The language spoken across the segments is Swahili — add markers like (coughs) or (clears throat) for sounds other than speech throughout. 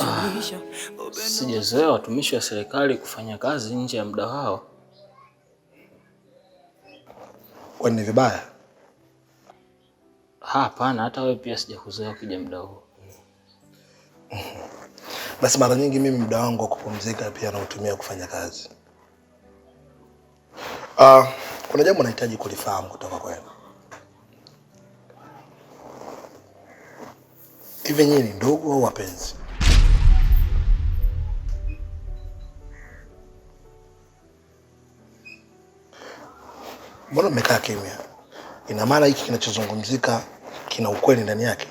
Ah, sijazoea watumishi wa serikali kufanya kazi nje ya muda wao. Kwani ni vibaya? Hapana, hata wewe pia sijakuzoea kuja muda huo. Basi mara nyingi mimi muda wangu wa kupumzika pia nautumia kufanya kazi. Ah, kuna jambo nahitaji kulifahamu kutoka kwenu. Hivi nyinyi ni ndugu au wapenzi? Mbona mmekaa kimya? Ina maana hiki kinachozungumzika kina ukweli ndani yake?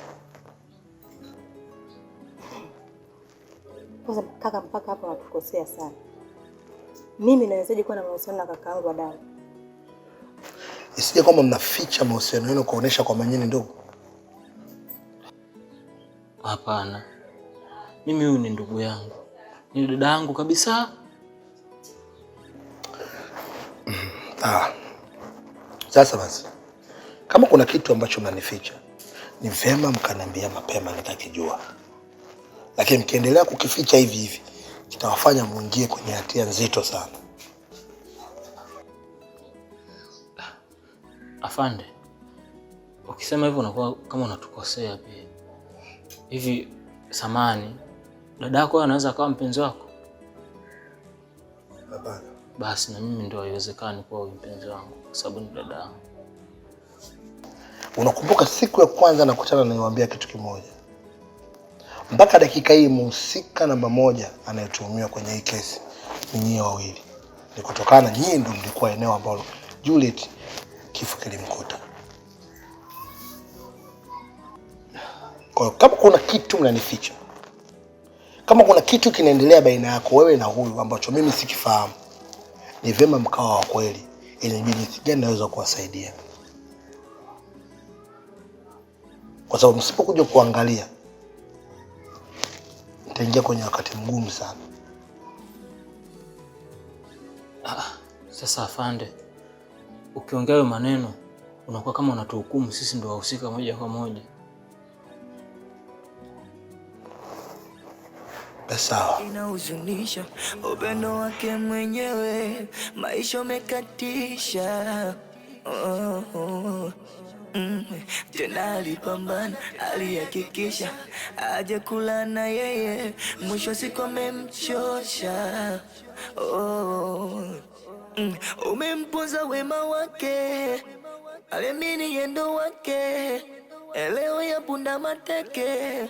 Kwanza kaka, mpaka hapo natukosea sana. Mimi nawezaje kuwa na mahusiano na kaka yangu Adamu? Isije kwamba mnaficha mahusiano yenu kuonesha kwa nyinyi ndugu Hapana, mimi huyu ni ndugu yangu, ni dada yangu kabisa. Ah, sasa basi, kama kuna kitu ambacho mnanificha ni vema mkaniambia mapema nitakijua, lakini mkiendelea kukificha hivi hivi kitawafanya mwingie kwenye hatia nzito sana. Afande, ukisema hivyo unakuwa kama unatukosea pia hivi samani, dada yako anaweza akawa mpenzi wako? Hapana. Basi na mimi ndio haiwezekani kuwa mpenzi wangu kwa sababu ni dada yangu. Unakumbuka siku ya kwanza nakutana, niwaambia kitu kimoja, mpaka dakika hii mhusika namba moja anayetuhumiwa kwenye hii kesi ni nyie wawili, ni kutokana nyinyi ndio mlikuwa eneo ambalo Juliet kifo kilimkuta. Kwa hiyo kama kuna kitu mnanificha, kama kuna kitu kinaendelea baina yako wewe na huyu ambacho mimi sikifahamu, ni vyema mkawa wa kweli, ili nijue jinsi gani naweza kuwasaidia, kwa sababu msipokuja kuangalia nitaingia kwenye wakati mgumu sana. Ah, sasa afande, ukiongea hayo maneno unakuwa kama unatuhukumu sisi ndio wahusika moja kwa moja. sawa. Inahuzunisha upendo wake mwenyewe, maisha umekatisha. Oh, oh, mm. tena alipambana, alihakikisha aje kula na yeye, mwisho siku amemchosha. Oh, mm. umempoza wema wake, alemini yendo wake, eleo ya punda mateke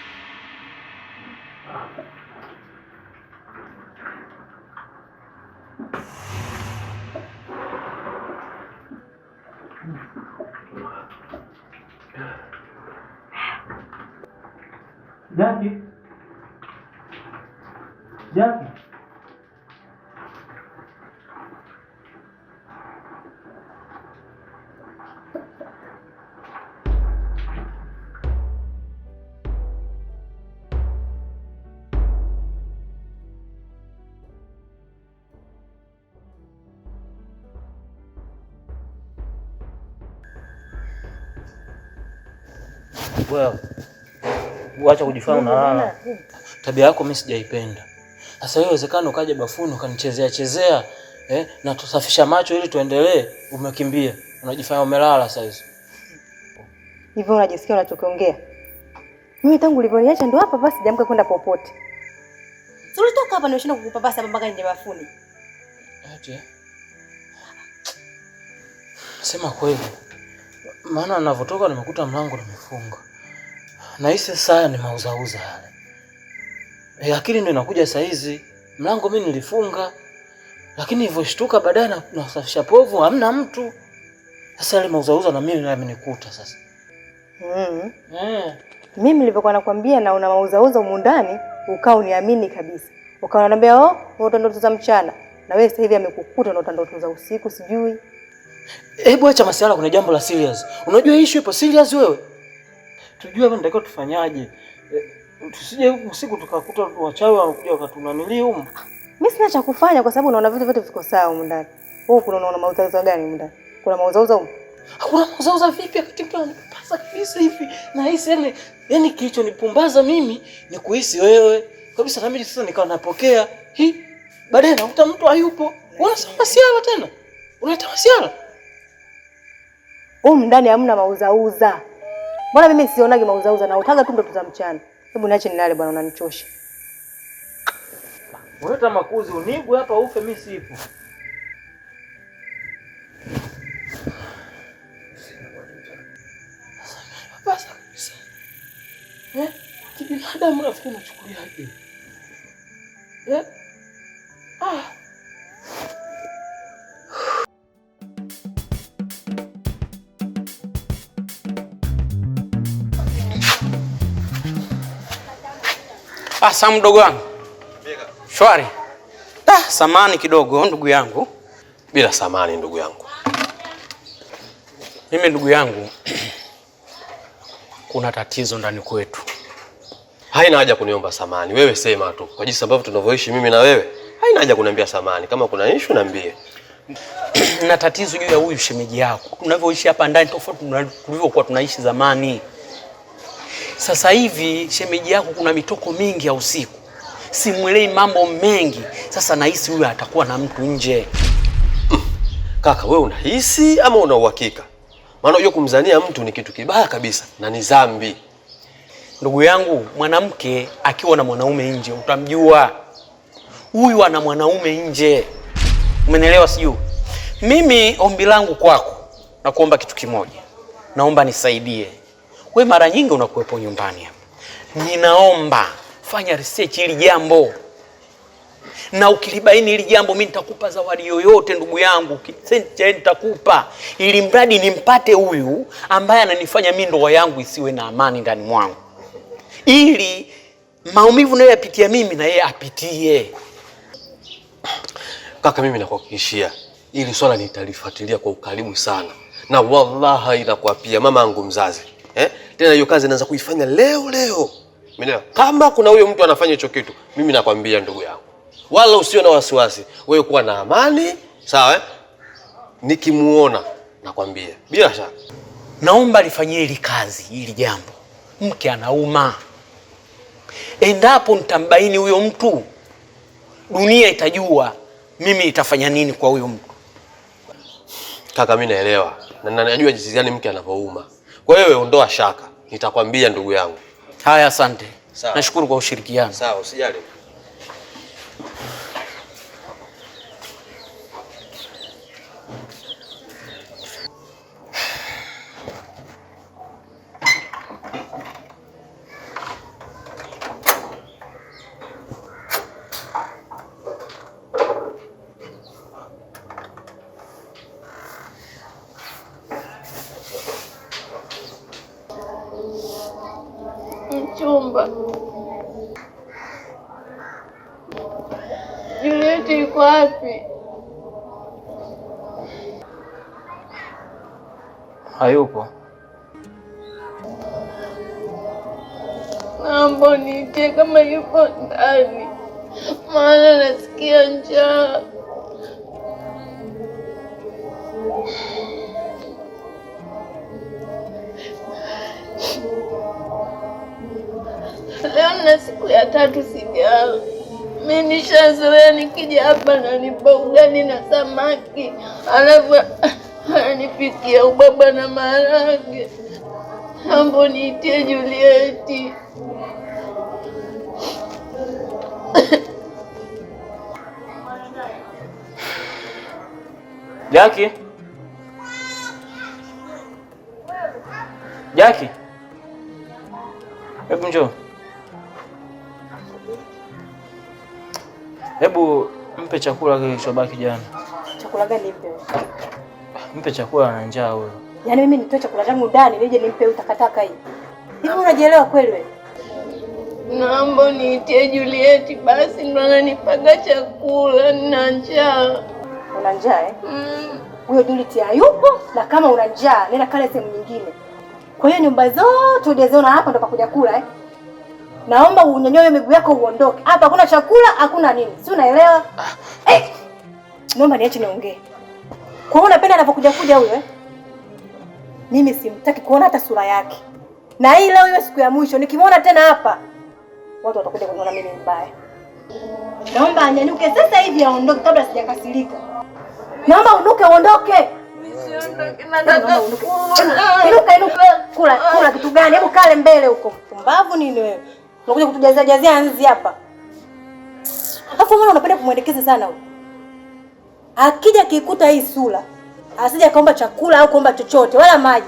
wewe. uacha kujifanya unalala. Tabia yako mimi sijaipenda. Sasa hiyo uwezekano ukaja bafuni ukanichezea chezea eh, na tusafisha macho ili tuendelee, umekimbia. Unajifanya umelala sasa hizo. Hivyo unajisikia unachokiongea? Mimi tangu ulivyoniacha ndio hapa basi jamka kwenda popote. Tulitoka hapa nimeshinda kukupa basi hapa mpaka nje bafuni. Ati. Eh? Sema kweli. Maana ninavyotoka nimekuta mlango umefunga na hisi saa ni mauzauza yale. E, akili ndio inakuja saa hizi. Mlango mimi nilifunga, lakini ilivyoshtuka baadaye na nasafisha povu, hamna mtu. Sasa yale mauzauza na mimi namenikuta sasa. Mm. Mm. Mimi nilivyokuwa nakwambia na una mauzauza humu ndani, ukao uniamini kabisa. Ukao unaniambia, "Oh, wewe ndoto za mchana." Na wewe sasa hivi amekukuta ndoto ndoto za usiku sijui. Hebu acha masuala, kuna jambo la serious. Unajua issue ipo serious wewe tujue hapa ndio tufanyaje. E, tusije usiku tukakuta wachawi wanakuja wakatunanilia huko. Mimi sina cha kufanya kwa sababu unaona vitu vyote viko sawa huko ndani. Wewe kuna unaona mauzauza gani huko ndani? Kuna mauzauza huko? Hakuna mauzauza vipi wakati mtu anapasa kabisa hivi. Na hisi yani, yani kilichonipumbaza mimi ni kuhisi wewe. Kabisa na mimi sasa nikawa napokea. Hi. Baadaye nakuta mtu hayupo. Unasema masiala tena. Unaita masiala. Huko ndani hamna mauzauza. Mbona mimi sionage mauzauza na utaga tu ndoto za mchana. Hebu niache nilale bwana, unanichosha. Unaleta makuzi unigwe hapa ufe, mimi sipo. Eh? Kibinadamu rafiki unachukuliaje? Eh? Ah. Ah, Sam mdogo wangu. Shwari. Ah, samani kidogo ndugu yangu. Bila samani ndugu yangu. Mimi ndugu yangu (clears throat) kuna tatizo ndani kwetu. Haina haja kuniomba samani, wewe sema tu kwa jinsi ambavyo tunavyoishi mimi na wewe. Haina haja kuniambia samani, kama kuna issue niambie. (clears throat) Na tatizo juu ya huyu shemeji yako, tunavyoishi hapa ndani tofauti tulivyokuwa tunaishi zamani. Sasa hivi shemeji yako kuna mitoko mingi ya usiku, simwelei mambo mengi. Sasa nahisi huyo atakuwa na mtu nje. Kaka wewe unahisi ama una uhakika? Maana unajua kumzania mtu ni kitu kibaya kabisa na ni dhambi. Ndugu yangu, mwanamke akiwa na mwanaume nje utamjua huyu ana mwanaume nje. Umenielewa sijui? Mimi ombi langu kwako, nakuomba kitu kimoja, naomba nisaidie We mara nyingi unakuwepo nyumbani hapa, ninaomba fanya research hili jambo, na ukilibaini hili jambo, mi nitakupa zawadi yoyote ndugu yangu, sente nitakupa, ili mradi nimpate huyu ambaye ananifanya mi ndoa yangu isiwe na amani ndani mwangu, ili maumivu yapitia mimi na yeye apitie. Kaka, mimi nakuhakikishia ili swala nitalifuatilia kwa ukarimu sana, na wallahi nakuapia mama yangu mzazi eh? Tena hiyo kazi naanza kuifanya leo leo. Umeelewa? Kama kuna huyo mtu anafanya hicho kitu, mimi nakwambia ndugu yangu, wala usio na wasiwasi, wewe kuwa na amani, sawa eh? Nikimuona nakwambia bila shaka, naomba lifanyie hili kazi hili jambo. Mke anauma, endapo nitambaini huyo mtu, dunia itajua mimi nitafanya nini kwa huyo mtu. Kaka, mimi naelewa na najua jinsi gani mke anavyouma. Wewe ondoa shaka, nitakwambia ndugu yangu. Haya, asante. Nashukuru kwa ushirikiano. Sawa, usijali. chumba. Juliet yuko wapi? Hayupo. Naomba uniite kama yupo ndani, maana nasikia njaa. maana siku ya tatu sijala. Mimi nishazoea nikija hapa nanipa ugali na samaki, alafu ananipikia (laughs) ubaba na maharage. Ambo niitie Julieti. (coughs) Jackie. Jackie. Hebu njoo. Hebu mpe chakula kilichobaki jana. Chakula gani mpe? Mpe chakula, ana njaa huyo. Yaani mimi nitoe chakula changu ndani nije nimpe utakataka hii. Hivi unajielewa kweli wewe? Naomba niitie Juliet basi ndo ananipaga chakula, nina njaa. Una njaa eh? Mm. Huyo Juliet hayupo na kama una njaa nenda kale sehemu nyingine. Kwa hiyo nyumba zote udeziona hapa ndo pakuja kula eh? Naomba unyonyoe miguu yako uondoke hapa, hakuna chakula, hakuna nini, si unaelewa? Ah. Eh! Hey! Naomba niache niongee. Kwa hiyo unapenda anapokuja kuja huyo eh? Mimi simtaki kuona hata sura yake, na hii leo iwe siku ya mwisho. Nikimwona tena hapa, watu watakuja kuniona mimi mbaya. Naomba anyanyuke sasa hivi aondoke, kabla sijakasirika. Naomba unuke uondoke. Inuka, inuka. Kula, kula kitu gani? Hebu kale mbele huko. Pumbavu nini wewe? unakuja kutujazia jazia nzi hapa. Alafu mbona unapenda kumwelekeza sana huyo? Akija kikuta hii sura, asije kaomba chakula au kuomba chochote wala maji.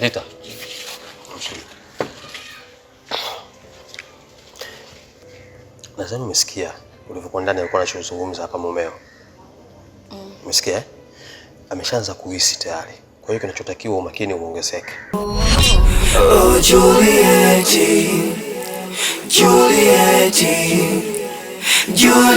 Leta. Nadhani umesikia ulivyokuwa ndani alikuwa anachozungumza hapa mumeo. Mm. Umesikia? Eh? Ameshaanza kuhisi tayari. Kwa hiyo kinachotakiwa umakini uongezeke. Oh, Juliet. Juliet. Juliet.